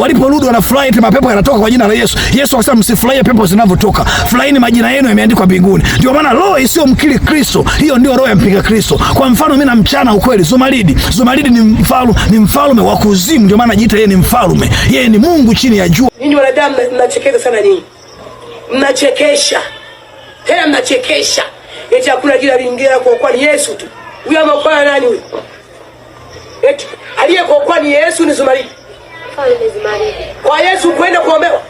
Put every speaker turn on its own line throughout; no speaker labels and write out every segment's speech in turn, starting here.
Waliporudi wanafurahi eti mapepo yanatoka kwa jina la Yesu. Yesu akasema msifurahie pepo zinavyotoka, furahini majina yenu yameandikwa mbinguni. Ndio maana roho isiyo isiyomkiri Kristo, hiyo ndio roho ya mpinga Kristo. Kwa mfano mimi namchana ukweli Zumaridi. Zumaridi ni mfalu, ni mfalme wa kuzimu, ndio maana anajiita yeye ni mfalme, yeye ni Mungu chini ya jua.
Ninyi wanadamu mnachekesha sana, nyinyi mnachekesha tena mnachekesha, eti hakuna jina lingine la kuokoa ni Yesu tu. Huyo ameokoa nani huyo? Eti aliyeokoa ni Yesu ni Zumaridi kwa Yesu kwenda kuombewa.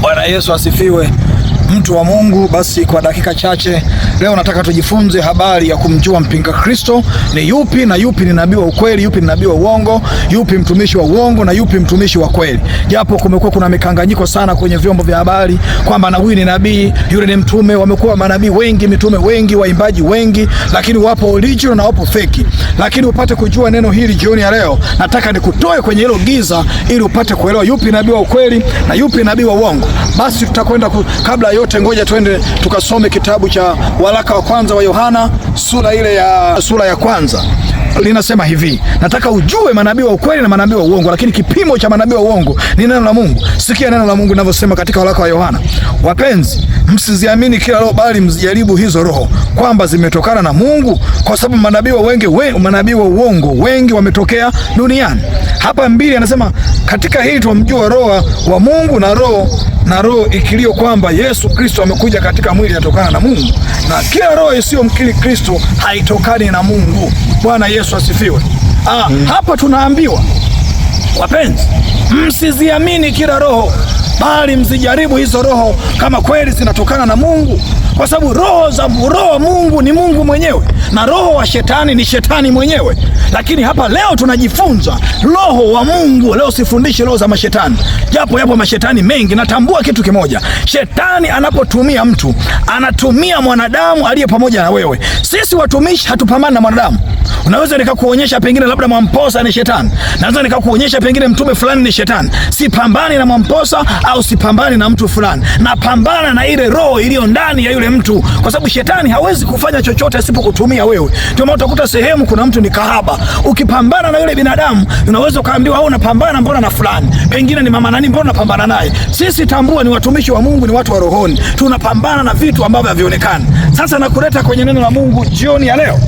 Bwana Yesu asifiwe mtu wa Mungu, basi kwa dakika chache leo nataka tujifunze habari ya kumjua mpinga Kristo ni yupi, na yupi ni nabii wa ukweli, yupi ni nabii wa uongo, yupi mtumishi wa uongo, na yupi mtumishi wa kweli. Japo kumekuwa kuna mikanganyiko sana kwenye vyombo vya habari kwamba na huyu ni nabii, yule ni mtume. Wamekuwa manabii wengi, mitume wengi, waimbaji wengi, lakini wapo original na wapo feki. Lakini upate kujua neno hili jioni ya leo, nataka nikutoe kwenye hilo giza ili upate kuelewa yupi nabii wa ukweli na yupi nabii wa uongo. Basi tutakwenda kabla yote yote, ngoja twende tukasome kitabu cha waraka wa kwanza wa Yohana sura ile ya sura ya kwanza linasema hivi, nataka ujue manabii wa ukweli na manabii wa uongo, lakini kipimo cha manabii wa uongo ni neno la Mungu. Sikia neno la Mungu linavyosema katika waraka wa Yohana: wapenzi, msiziamini kila roho, bali mzijaribu hizo roho kwamba zimetokana na Mungu, kwa sababu manabii wa wengi we, manabii wa uongo wengi wametokea duniani. Hapa mbili anasema katika hili tumjua roho wa Mungu na roho na roho ikilio kwamba Yesu Kristo amekuja katika mwili yatokana na Mungu, na kila roho isiyomkiri Kristo haitokani na Mungu. Bwana Yesu Yesu asifiwe. Ah, hmm. Hapa tunaambiwa wapenzi, msiziamini kila roho bali mzijaribu hizo roho kama kweli zinatokana na Mungu, kwa sababu roho za roho Mungu ni Mungu mwenyewe na roho wa shetani ni shetani mwenyewe. Lakini hapa leo tunajifunza roho wa Mungu. Leo sifundishi roho za mashetani, japo yapo mashetani mengi. Natambua kitu kimoja, shetani anapotumia mtu anatumia mwanadamu aliye pamoja na wewe. Sisi watumishi hatupambani na mwanadamu. Unaweza nikakuonyesha pengine labda Mwamposa ni shetani, naweza nikakuonyesha pengine mtume fulani ni shetani. Sipambani na Mwamposa au sipambani na mtu fulani, napambana na ile roho iliyo ndani ya yule mtu, kwa sababu shetani hawezi kufanya chochote asipokutumia na wewe. Ndio maana utakuta sehemu kuna mtu ni kahaba, ukipambana na yule binadamu unaweza ukaambiwa au ah, unapambana mbona na fulani, pengine ni mama nani, mbona unapambana naye? Sisi tambua, ni watumishi wa Mungu, ni watu wa rohoni, tunapambana na vitu ambavyo havionekani. Sasa nakuleta kwenye neno la Mungu jioni ya leo,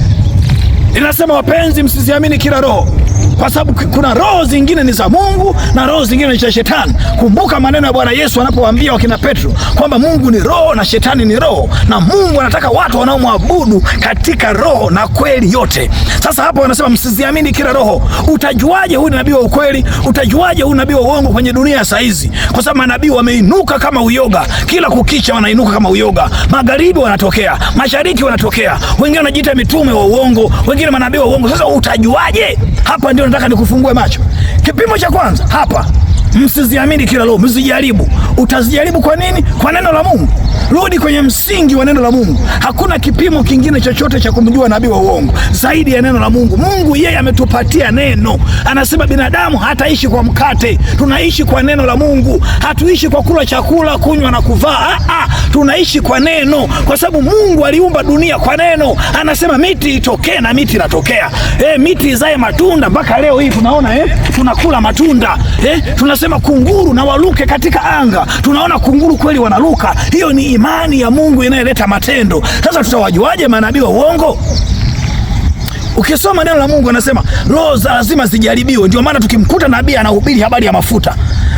linasema wapenzi, msiziamini kila roho kwa sababu kuna roho zingine ni za Mungu na roho zingine ni za shetani. Kumbuka maneno ya Bwana Yesu anapowaambia wakina Petro kwamba Mungu ni roho na shetani ni roho, na Mungu anataka watu wanaomwabudu katika roho na kweli yote. Sasa hapo wanasema msiziamini kila roho. Utajuaje huyu nabii wa ukweli? Utajuaje huyu nabii wa uongo kwenye dunia ya saa hizi? Kwa sababu manabii wameinuka kama uyoga, kila kukicha wanainuka kama uyoga. Magharibi wanatokea, mashariki wanatokea, wengine wanajiita mitume wa uongo, wengine manabii wa uongo. Sasa utajuaje? Hapa ndio ndio nataka nikufungue macho. Kipimo cha kwanza hapa, msiziamini kila roho, msijaribu. Utazijaribu kwa nini? Kwa neno la Mungu. Rudi kwenye msingi wa neno la Mungu. Hakuna kipimo kingine chochote cha kumjua nabii wa uongo zaidi ya neno la Mungu. Mungu yeye ametupatia neno, anasema binadamu hataishi kwa mkate, tunaishi kwa neno la Mungu. Hatuishi kwa kula chakula, kunywa na kuvaa, ah, ah, tunaishi kwa neno, kwa sababu Mungu aliumba dunia kwa neno. Anasema miti itokee na miti inatokea, eh, miti izae matunda. Mpaka leo hii tunaona eh, tunakula matunda eh, tunasema kunguru na waluke katika anga. Tunaona kunguru kweli wanaluka, hiyo ni imani ya Mungu inayoleta matendo. Sasa tutawajuaje manabii wa uongo? Ukisoma neno la Mungu anasema roho za lazima zijaribiwe. Ndio maana tukimkuta nabii anahubiri habari ya mafuta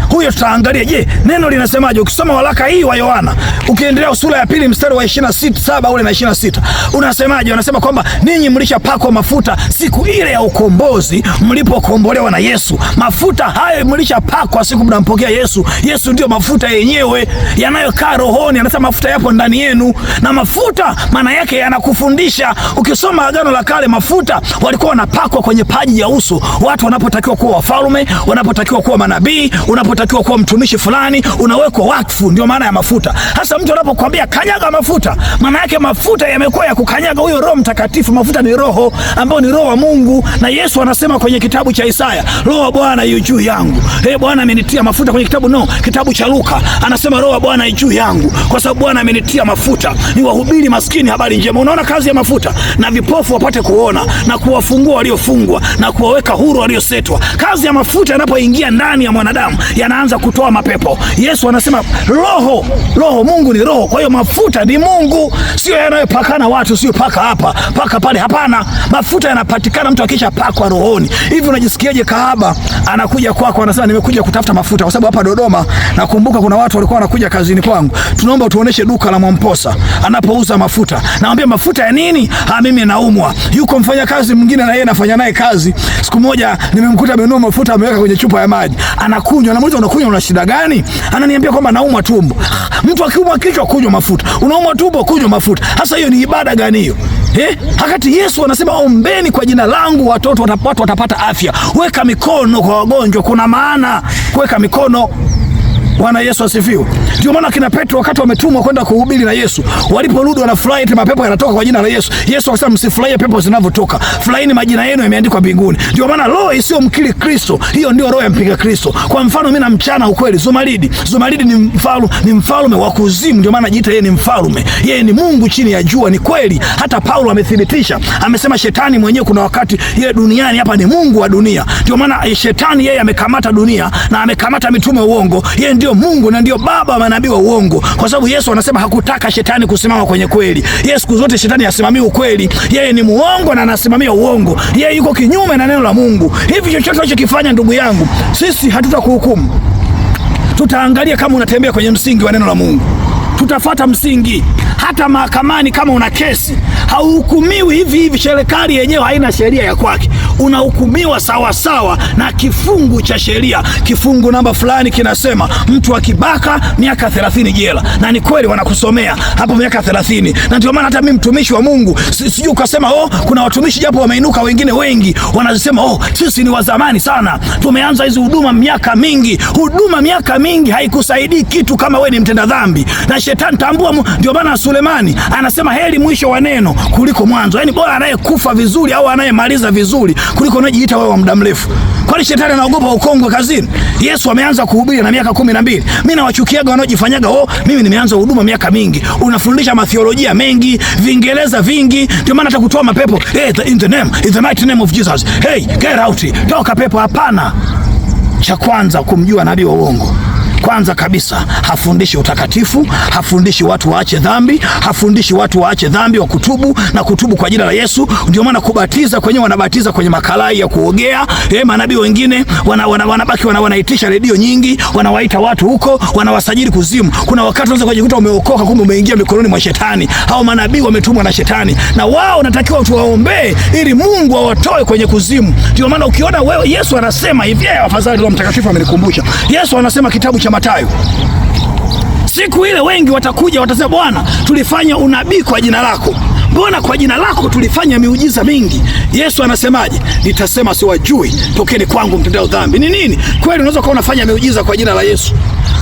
huyo tutaangalia, je, neno linasemaje? Ukisoma waraka hii wa Yohana ukiendelea sura ya pili mstari wa ishirini na saba ule na ishirini sita unasemaje? Unasema kwamba ninyi mlishapakwa mafuta siku ile ya ukombozi, mlipokombolewa na Yesu. Mafuta hayo mlishapakwa siku mnampokea Yesu. Yesu ndio mafuta yenyewe yanayokaa rohoni, anasema mafuta yapo ndani yenu, na mafuta maana yake yanakufundisha. Ukisoma agano la kale mafuta unakuta walikuwa wanapakwa kwenye paji ya uso watu wanapotakiwa kuwa wafalme, wanapotakiwa kuwa manabii, unapotakiwa kuwa mtumishi fulani, unawekwa wakfu. Ndio maana ya mafuta. Hasa mtu anapokwambia kanyaga mafuta, maana yake mafuta yamekuwa ya kukanyaga huyo Roho Mtakatifu. Mafuta ni roho ambayo ni roho wa Mungu, na Yesu anasema kwenye kitabu cha Isaya, roho wa Bwana yu juu yangu. Hey, eh, Bwana amenitia mafuta kwenye kitabu no, kitabu cha Luka anasema roho wa Bwana yu juu yangu kwa sababu Bwana amenitia mafuta niwahubiri maskini habari njema. Unaona kazi ya mafuta, na vipofu wapate kuona na kuwafungua waliofungwa na kuwaweka huru waliosetwa. Kazi ya mafuta yanapoingia ndani ya mwanadamu yanaanza kutoa mapepo. Yesu anasema roho, roho, Mungu ni roho. Kwa hiyo mafuta ni Mungu, sio yanayopakana watu, sio paka hapa paka pale. Hapana, mafuta yanapatikana mtu akisha pakwa rohoni. Hivi unajisikiaje? Kahaba anakuja kwako anasema nimekuja kutafuta mafuta, kwa sababu hapa Dodoma nakumbuka kuna watu walikuwa wanakuja kazini kwangu, tunaomba utuoneshe duka la Mwamposa anapouza mafuta. Naambia mafuta ya nini? Ha, ah, mimi naumwa. Yuko mfanya kazi mwingine na yeye nafanya naye kazi. Siku moja nimemkuta amenunua mafuta ameweka kwenye chupa ya maji, anakunywa. Namuuliza, unakunywa una shida gani? Ananiambia kwamba naumwa tumbo. Ah, mtu akiumwa kichwa, kunywa mafuta. Unaumwa tumbo, kunywa mafuta. hasa hiyo ni ibada gani hiyo? Eh, hakati Yesu anasema ombeni kwa jina langu watoto watapata, watapata afya. Weka mikono kwa wagonjwa, kuna maana kuweka mikono Bwana Yesu asifiwe. Ndio maana kina Petro wakati wametumwa kwenda kuhubiri na Yesu, waliporudi wanafurahi eti mapepo yanatoka kwa jina la Yesu. Yesu akasema msifurahie pepo zinavyotoka, furahini majina yenu yameandikwa mbinguni. Ndio maana roho isiyomkiri Kristo, hiyo ndio roho ya mpinga Kristo. Kwa mfano mimi namchana ukweli, Zumaridi. Zumaridi ni mfalu, ni mfalme wa kuzimu, ndio maana anajiita yeye ni mfalme. Yeye ni Mungu chini ya jua, ni kweli. Hata Paulo amethibitisha, amesema shetani mwenyewe kuna wakati yeye duniani hapa ni Mungu wa dunia. Ndio maana shetani yeye amekamata dunia na amekamata mitume uongo. Yeye ndio ndio Mungu na ndiyo baba wa manabii wa uongo, kwa sababu Yesu anasema hakutaka shetani kusimama kwenye kweli. Yeye siku zote shetani asimamii ukweli, yeye ni muongo na anasimamia uongo. Yeye yuko kinyume na neno la Mungu. Hivi chochote unachokifanya, ndugu yangu, sisi hatutakuhukumu, tutaangalia kama unatembea kwenye msingi wa neno la Mungu tutafata msingi. Hata mahakamani kama una kesi hauhukumiwi hivi hivi, serikali yenyewe haina sheria ya kwake, unahukumiwa sawasawa na kifungu cha sheria. Kifungu namba fulani kinasema mtu akibaka miaka thelathini jela, na ni kweli wanakusomea hapo miaka thelathini. na ndio maana hata mimi mtumishi wa Mungu sijui ukasema oh, kuna watumishi japo wameinuka wengine wengi wanazisema, oh, sisi ni wa zamani sana, tumeanza hizi huduma miaka mingi. Huduma miaka mingi haikusaidii kitu kama we ni mtenda dhambi na shetani tambua. Ndio maana Sulemani anasema heri mwisho wa neno kuliko mwanzo, yaani bora anayekufa vizuri au anayemaliza vizuri kuliko anayejiita wewe wa muda mrefu. Kwani shetani anaogopa ukongwe kazini? Yesu ameanza kuhubiri na miaka kumi na mbili. Mimi nawachukiaga wanaojifanyaga oh, mimi nimeanza huduma miaka mingi, unafundisha mathiolojia mengi, viingereza vingi, ndio maana hata kutoa mapepo hey, eh, the, in the name, in the mighty name of Jesus, hey, get out, toka pepo. Hapana, cha kwanza kumjua nabii wa uongo kwanza kabisa hafundishi utakatifu, hafundishi watu waache dhambi, hafundishi watu waache dhambi wa kutubu na kutubu kwa jina la Yesu. Ndio maana kubatiza kwenyewe wanabatiza kwenye makalai ya kuogea. Eh, manabii wengine wanabaki wana, wana, wana, wanaitisha redio nyingi, wanawaita watu huko, wanawasajili kuzimu. Kuna wakati unaweza kujikuta umeokoka, kumbe umeingia mikononi mwa shetani. Hao manabii wametumwa na shetani, na wao natakiwa tuwaombee ili Mungu awatoe kwenye kuzimu. Ndio maana ukiona wewe, Yesu anasema hivi, eh, afadhali Roho Mtakatifu amenikumbusha. Yesu anasema kitabu cha cha Mathayo. Siku ile wengi watakuja watasema, Bwana, tulifanya unabii kwa jina lako, mbona kwa jina lako tulifanya miujiza mingi? Yesu anasemaje? Nitasema siwajui, tokeni kwangu mtendao dhambi. Ni nini kweli? Unaweza kuwa unafanya miujiza kwa jina la Yesu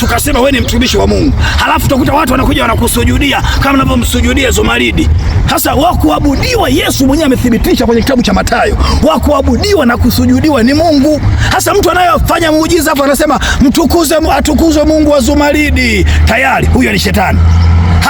tukasema wewe ni mtumishi wa Mungu, halafu utakuta watu wanakuja wanakusujudia kama unavyomsujudia Zumaridi. Sasa wakuabudiwa, Yesu mwenyewe amethibitisha kwenye kitabu cha Mathayo, wakuabudiwa na kusujudiwa ni Mungu. Hasa mtu anayefanya muujiza hapo anasema mtukuze, atukuzwe Mungu wa Zumaridi, tayari huyo ni shetani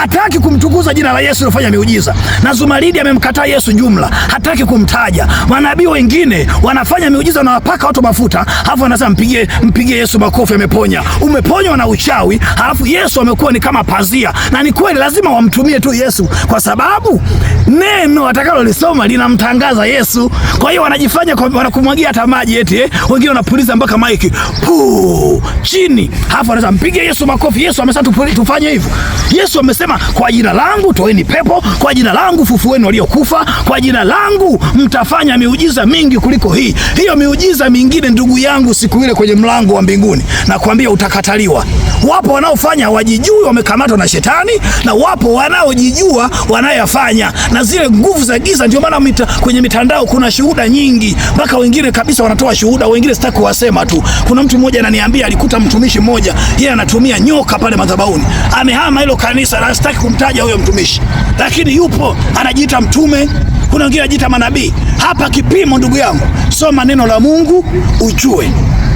hataki kumtukuza jina la Yesu lilofanya miujiza, na Zumaridi amemkataa Yesu jumla, hataki kumtaja. Manabii wengine wanafanya miujiza, wanawapaka watu mafuta, halafu anasema mpigie, mpigie Yesu makofi, ameponya. Umeponywa na uchawi, halafu Yesu amekuwa ni kama pazia. Na ni kweli, lazima wamtumie tu Yesu kwa sababu neno watakalolisoma linamtangaza Yesu. Kwa hiyo wanajifanya wanakumwagia hata maji eti eh? Wengine wanapuliza mpaka maiki puu chini, halafu anasema mpige Yesu makofi. Yesu amesema tufanye hivyo, Yesu amesema anasema kwa jina langu toeni pepo, kwa jina langu fufueni waliokufa, kwa jina langu mtafanya miujiza mingi kuliko hii. Hiyo miujiza mingine, ndugu yangu, siku ile kwenye mlango wa mbinguni, nakwambia utakataliwa. Wapo wanaofanya wajijui, wamekamatwa na shetani, na wapo wanaojijua wanayafanya na zile nguvu za giza. Ndio maana mita, kwenye mitandao kuna shuhuda nyingi, mpaka wengine kabisa wanatoa shuhuda, wengine sitaki kuwasema tu. Kuna mtu mmoja ananiambia alikuta mtumishi mmoja, yeye anatumia nyoka pale madhabahuni, amehama hilo kanisa na sitaki kumtaja huyo mtumishi, lakini yupo anajiita mtume, kuna wengine anajiita manabii. Hapa kipimo, ndugu yangu, soma neno la Mungu ujue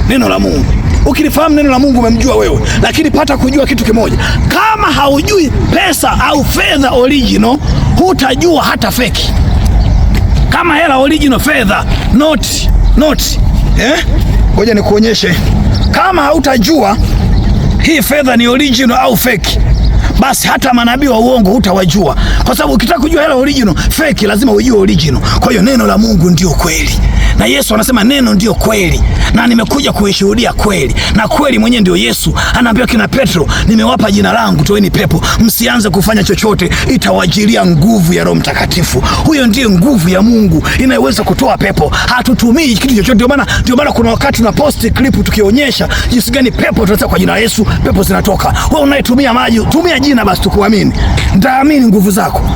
neno la Mungu. Ukilifahamu neno la Mungu umemjua wewe, lakini pata kujua kitu kimoja, kama haujui pesa au fedha original, hutajua hata feki. Kama hela original, fedha noti, noti eh, ngoja nikuonyeshe. Kama hautajua hii fedha ni original au feki basi hata manabii wa uongo hutawajua, kwa sababu ukitaka kujua hela original fake lazima ujue original. Kwa hiyo neno la Mungu ndio kweli na Yesu anasema neno ndiyo kweli, na nimekuja kuishuhudia kweli, na kweli mwenyewe ndiyo Yesu. Anaambia kina Petro, nimewapa jina langu, toeni pepo, msianze kufanya chochote, itawajilia nguvu ya Roho Mtakatifu. Huyo ndiyo nguvu ya Mungu inayoweza kutoa pepo. Hatutumii kitu chochote. Ndio maana ndio maana kuna wakati na posti klipu tukionyesha jinsi gani pepo tunasema kwa jina la Yesu pepo zinatoka. Wewe unayetumia maji, tumia jina basi, tukuamini, ndaamini nguvu zako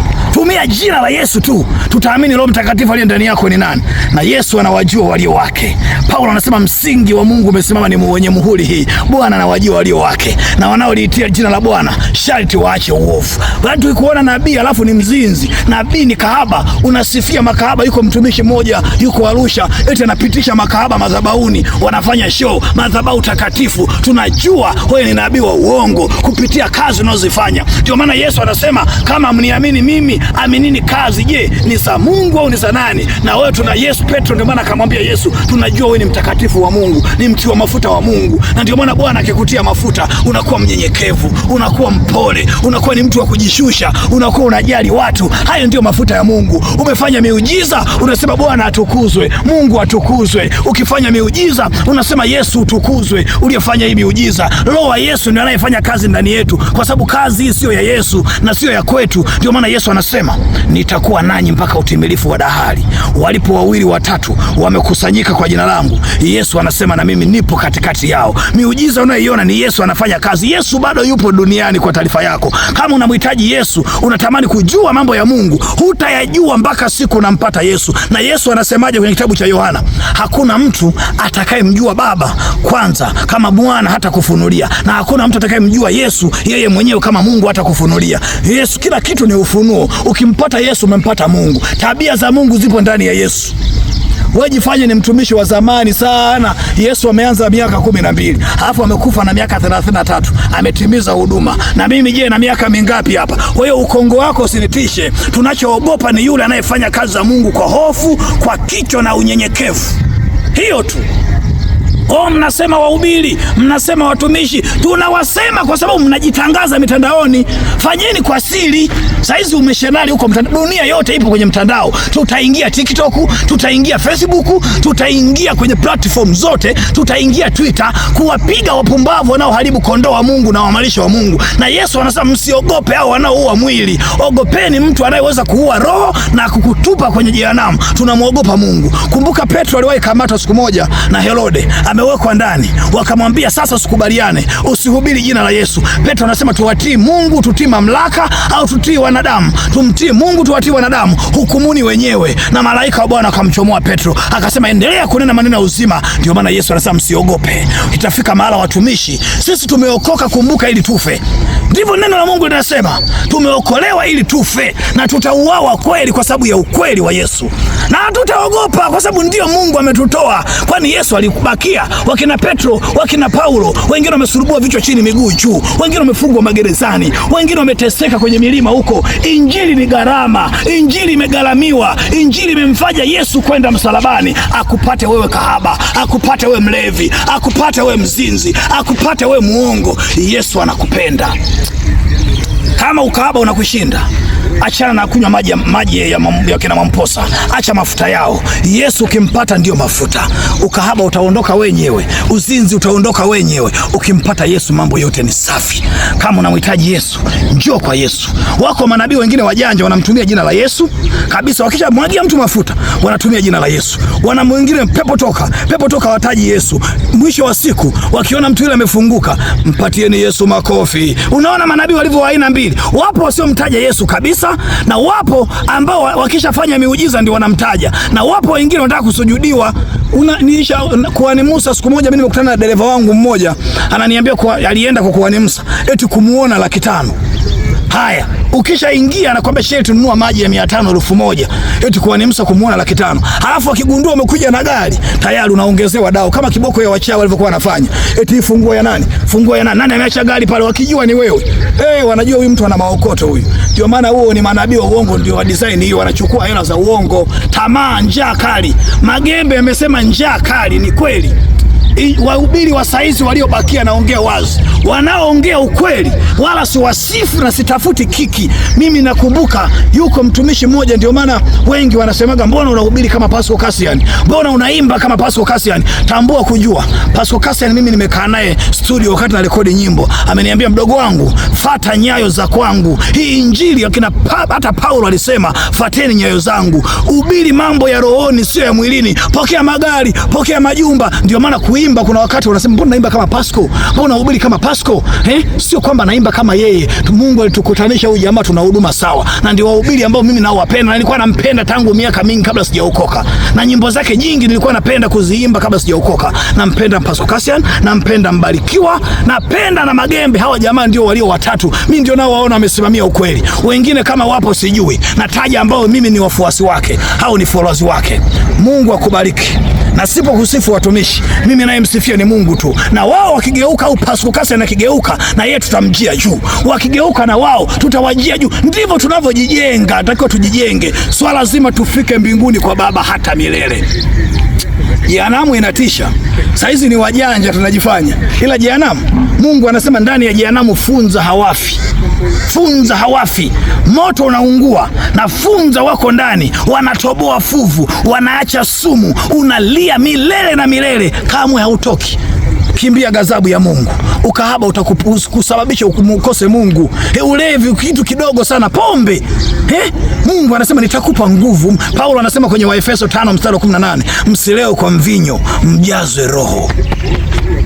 ukitumia jina la Yesu tu tutaamini Roho Mtakatifu aliye ndani yako ni nani, na Yesu anawajua walio wake. Paulo anasema msingi wa Mungu umesimama, ni mwenye muhuri hii, Bwana anawajua walio wake, na wanaoliitia jina la Bwana sharti waache uovu. Watu yaani kuona nabii alafu ni mzinzi, nabii ni kahaba, unasifia makahaba. Yuko mtumishi mmoja yuko Arusha, eti anapitisha makahaba madhabahuni, wanafanya show madhabahu takatifu. Tunajua wewe ni nabii wa uongo kupitia kazi unazozifanya. Ndio maana Yesu anasema kama mniamini mimi aminini kazi. Je, ni za Mungu au ni za nani? Na wewe tuna Yesu Petro, ndio maana akamwambia Yesu, tunajua wewe ni mtakatifu wa Mungu, ni mti wa mafuta wa Mungu. Na ndio maana Bwana akikutia mafuta unakuwa mnyenyekevu, unakuwa mpole, unakuwa ni mtu wa kujishusha, unakuwa unajali watu. Hayo ndio mafuta ya Mungu. Umefanya miujiza, unasema Bwana atukuzwe, Mungu atukuzwe. Ukifanya miujiza, unasema Yesu utukuzwe, uliyefanya hii miujiza. Roho wa Yesu ndio anayefanya kazi ndani yetu, kwa sababu kazi hii siyo ya Yesu na siyo ya kwetu. Ndio maana Yesu anasema alisema, nitakuwa nanyi mpaka utimilifu wa dahari. Walipo wawili watatu wamekusanyika kwa jina langu, Yesu anasema na mimi nipo katikati yao. Miujiza unayoiona ni Yesu anafanya kazi. Yesu bado yupo duniani. Kwa taarifa yako, kama unamhitaji Yesu, unatamani kujua mambo ya Mungu, hutayajua mpaka siku unampata Yesu. Na Yesu anasemaje kwenye kitabu cha Yohana? Hakuna mtu atakayemjua Baba kwanza kama Bwana hata kufunulia, na hakuna mtu atakayemjua Yesu yeye mwenyewe kama Mungu hata kufunulia. Yesu, kila kitu ni ufunuo ukimpata Yesu umempata Mungu. Tabia za Mungu zipo ndani ya Yesu. Wajifanye ni mtumishi wa zamani sana. Yesu ameanza miaka kumi na mbili alafu amekufa na miaka thelathini na tatu ametimiza huduma. Na mimi je, na miaka mingapi hapa? Kwa hiyo ukongo wako usinitishe. Tunachoogopa ni yule anayefanya kazi za Mungu kwa hofu, kwa kicho na unyenyekevu, hiyo tu kwao. Mnasema wahubiri, mnasema watumishi, tunawasema kwa sababu mnajitangaza mitandaoni. Fanyeni kwa siri. Saizi umeshenari huko mtandao, dunia yote ipo kwenye mtandao. Tutaingia TikTok, tutaingia Facebook, tutaingia kwenye platform zote, tutaingia Twitter kuwapiga wapumbavu wanaoharibu kondoo wa Mungu na wamalisho wa Mungu. Na Yesu anasema msiogope hao wanaoua mwili, ogopeni mtu anayeweza kuua roho na kukutupa kwenye jehanamu. Tunamwogopa Mungu. Kumbuka Petro aliwahi kamatwa siku moja na Herode amewekwa ndani, wakamwambia sasa, usikubaliane, usihubiri jina la Yesu. Petro anasema tuwatii Mungu, tutii mamlaka au tutii wanadamu? Tumtii Mungu, tuwatii wanadamu, hukumuni wenyewe. Na malaika wa Bwana akamchomoa Petro, akasema endelea kunena maneno ya uzima. Ndio maana Yesu anasema msiogope, itafika mahala watumishi sisi tumeokoka, kumbuka, ili tufe. Ndivyo neno la Mungu linasema, tumeokolewa ili tufe na tutauawa kweli, kwa sababu ya ukweli wa Yesu, na hatutaogopa kwa sababu ndio Mungu ametutoa, kwani Yesu alikubakia wakina Petro, wakina Paulo, wengine wamesurubua vichwa chini miguu juu, wengine wamefungwa magerezani, wengine wameteseka kwenye milima huko. Injili ni gharama, injili imegharamiwa, injili imemfanya Yesu kwenda msalabani akupate wewe kahaba, akupate wewe mlevi, akupate wewe mzinzi, akupate wewe muongo. Yesu anakupenda kama ukahaba unakushinda achana na kunywa maji, ya, maji ya, ya kina Mamposa, acha mafuta yao. Yesu ukimpata ndio mafuta, ukahaba utaondoka wenyewe, uzinzi utaondoka wenyewe. Ukimpata Yesu mambo yote ni safi. Kama unamhitaji Yesu, njoo kwa Yesu. Wako manabii wengine wajanja, wanamtumia jina la Yesu kabisa, wakisha mwagia mtu mafuta wanatumia jina la Yesu, wana mwingine pepo toka, pepo toka, wataji Yesu. Mwisho wa siku wakiona mtu yule amefunguka, mpatieni Yesu makofi. Unaona manabii walivyo aina mbili, wapo wasiomtaja Yesu kabisa kanisa, na wapo ambao wakishafanya miujiza ndio wanamtaja, na wapo wengine wanataka kusujudiwa. Nisha kuhani Musa, siku moja mimi nimekutana na dereva wangu mmoja, ananiambia alienda kwa kuhani Musa eti kumuona laki tano. Haya, ukishaingia anakwambia sheli, tununua maji ya mia tano elfu moja eti kuwanimsa kumuona laki tano. Halafu akigundua umekuja na gari tayari unaongezewa dao, kama kiboko ya wachawi walivyokuwa wanafanya, eti funguo ya nani, funguo ya nani, nani ameacha gari pale, wakijua ni wewe eh, wanajua huyu mtu ana maokoto huyu. Ndio maana huo ni manabii wa uongo, ndio wa design hiyo, wanachukua hela za uongo. Tamaa, njaa kali. Magembe amesema njaa kali, ni kweli wahubiri wa saizi waliobakia, naongea wazi, wanaoongea ukweli, wala si wasifu na sitafuti kiki. Mimi nakumbuka yuko mtumishi mmoja, ndio maana wengi wanasemaga mbona unahubiri kama Pasco Cassian, mbona unaimba kama Pasco Cassian. Tambua kujua Pasco Cassian, mimi nimekaa naye studio wakati na rekodi nyimbo, ameniambia mdogo wangu, fata nyayo za kwangu, hii Injili akina hata Paulo alisema fateni nyayo zangu, ubiri mambo ya rohoni, sio ya mwilini, pokea magari, pokea majumba, ndio maana kui Unaimba kuna wakati wanasema mbona naimba kama Pasco? Mbona nahubiri kama Pasco? Eh? Sio kwamba naimba kama yeye. Mungu alitukutanisha huyu jamaa tuna huduma sawa. Na ndio wahubiri ambao mimi nao wapenda. Na nilikuwa nampenda tangu miaka mingi kabla sijaokoka. Na nyimbo zake nyingi nilikuwa napenda kuziimba kabla sijaokoka. Nampenda Pasco Cassian, nampenda Mbarikiwa, napenda na Magembe. Hawa jamaa ndio walio watatu. Mimi ndio nao waona wamesimamia ukweli. Wengine kama wapo sijui. Nataja ambao mimi ni wafuasi wake. Hao ni followers wake. Mungu akubariki na sipo kusifu watumishi, mimi naye ni Mungu tu, na wao wakigeuka au pasukasi anakigeuka na yeye tutamjia juu, wakigeuka na wao tutawajia juu. Ndivyo tunavyojijenga, takiwa tujijenge, swala zima tufike mbinguni kwa Baba hata milele. Jehanamu inatisha. Saizi ni wajanja tunajifanya, ila jehanamu, Mungu anasema ndani ya jehanamu funza hawafi funza hawafi, moto unaungua na funza wako ndani, wanatoboa fuvu, wanaacha sumu, unalia milele na milele, kamwe hautoki. Kimbia ghadhabu ya Mungu. Ukahaba utakusababisha ukose Mungu. He, ulevi kitu kidogo sana, pombe. He, Mungu anasema nitakupa nguvu. Paulo anasema kwenye Waefeso 5 mstari wa 18, msileo kwa mvinyo, mjazwe Roho.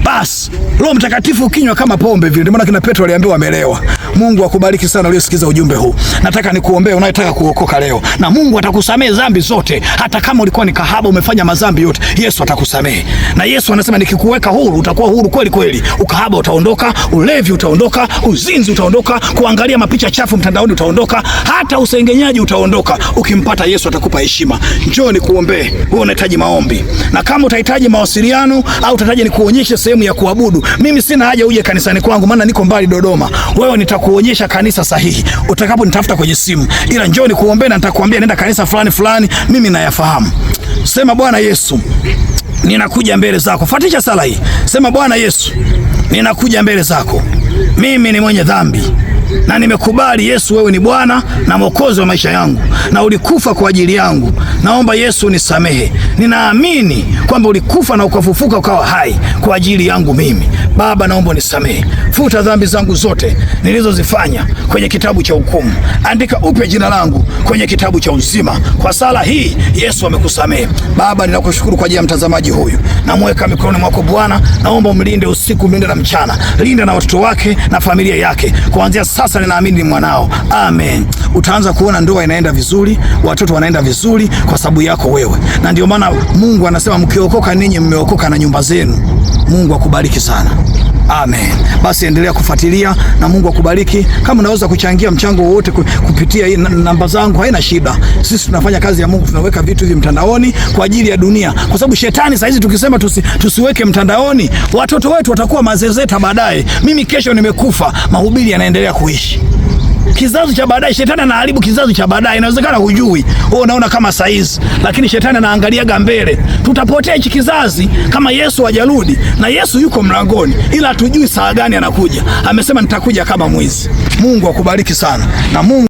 Basi Roho Mtakatifu ukinywa kama pombe vile, ndio maana kina Petro aliambiwa amelewa. Mungu akubariki sana uliyesikiza ujumbe huu. Nataka nikuombee unayetaka kuokoka leo, na Mungu atakusamehe dhambi zote. Hata kama ulikuwa ni kahaba, umefanya madhambi yote, Yesu atakusamehe. Na Yesu anasema nikikuweka huru utakuwa huru kweli kweli. Ukahaba utaondoka, ulevi utaondoka, uzinzi utaondoka, kuangalia mapicha chafu mtandaoni utaondoka, hata usengenyaji utaondoka. Ukimpata Yesu atakupa heshima. Njoo nikuombee. Wewe unahitaji maombi, na kama utahitaji mawasiliano au utahitaji nikuonyeshe sehemu ya kuabudu, mimi sina haja uje kanisani kwangu, maana niko mbali Dodoma. Wewe nitaku kuonyesha kanisa sahihi utakaponitafuta kwenye simu, ila njoo nikuombee na nitakwambia nenda kanisa fulani fulani, mimi nayafahamu. Sema Bwana Yesu, ninakuja mbele zako. Fatisha sala hii, sema Bwana Yesu, ninakuja mbele zako, mimi ni mwenye dhambi na nimekubali Yesu, wewe ni Bwana na Mwokozi wa maisha yangu, na ulikufa kwa ajili yangu. Naomba Yesu unisamehe. Ninaamini kwamba ulikufa na ukafufuka ukawa hai kwa ajili yangu mimi. Baba, naomba unisamehe, futa dhambi zangu zote nilizozifanya kwenye kitabu cha hukumu, andika upya jina langu kwenye kitabu cha uzima. Kwa sala hii Yesu amekusamehe. Baba, ninakushukuru kwa ajili ya mtazamaji huyu, namweka mikononi mwako Bwana, naomba umlinde usiku, mlinde na mchana, linda na watoto wake na familia yake. Kuanzia sasa ninaamini ni mwanao, amen. Utaanza kuona ndoa inaenda vizuri, watoto wanaenda vizuri kwa sababu yako wewe, na ndio maana Mungu anasema mkiokoka ninyi mmeokoka na nyumba zenu. Mungu akubariki sana. Amen. Basi endelea kufuatilia na Mungu akubariki. Kama unaweza kuchangia mchango wowote kupitia namba zangu, haina shida. Sisi tunafanya kazi ya Mungu, tunaweka vitu hivi mtandaoni kwa ajili ya dunia, kwa sababu shetani saa hizi tukisema tusi, tusiweke mtandaoni, watoto wetu watakuwa mazezeta baadaye. Mimi kesho nimekufa, mahubiri yanaendelea kuishi kizazi cha baadaye, shetani anaharibu kizazi cha baadaye. Inawezekana hujui wewe, unaona kama saizi, lakini shetani anaangaliaga mbele. Tutapotea hichi kizazi kama Yesu hajarudi, na Yesu yuko mlangoni, ila hatujui saa gani anakuja. Amesema nitakuja kama mwizi. Mungu akubariki sana na Mungu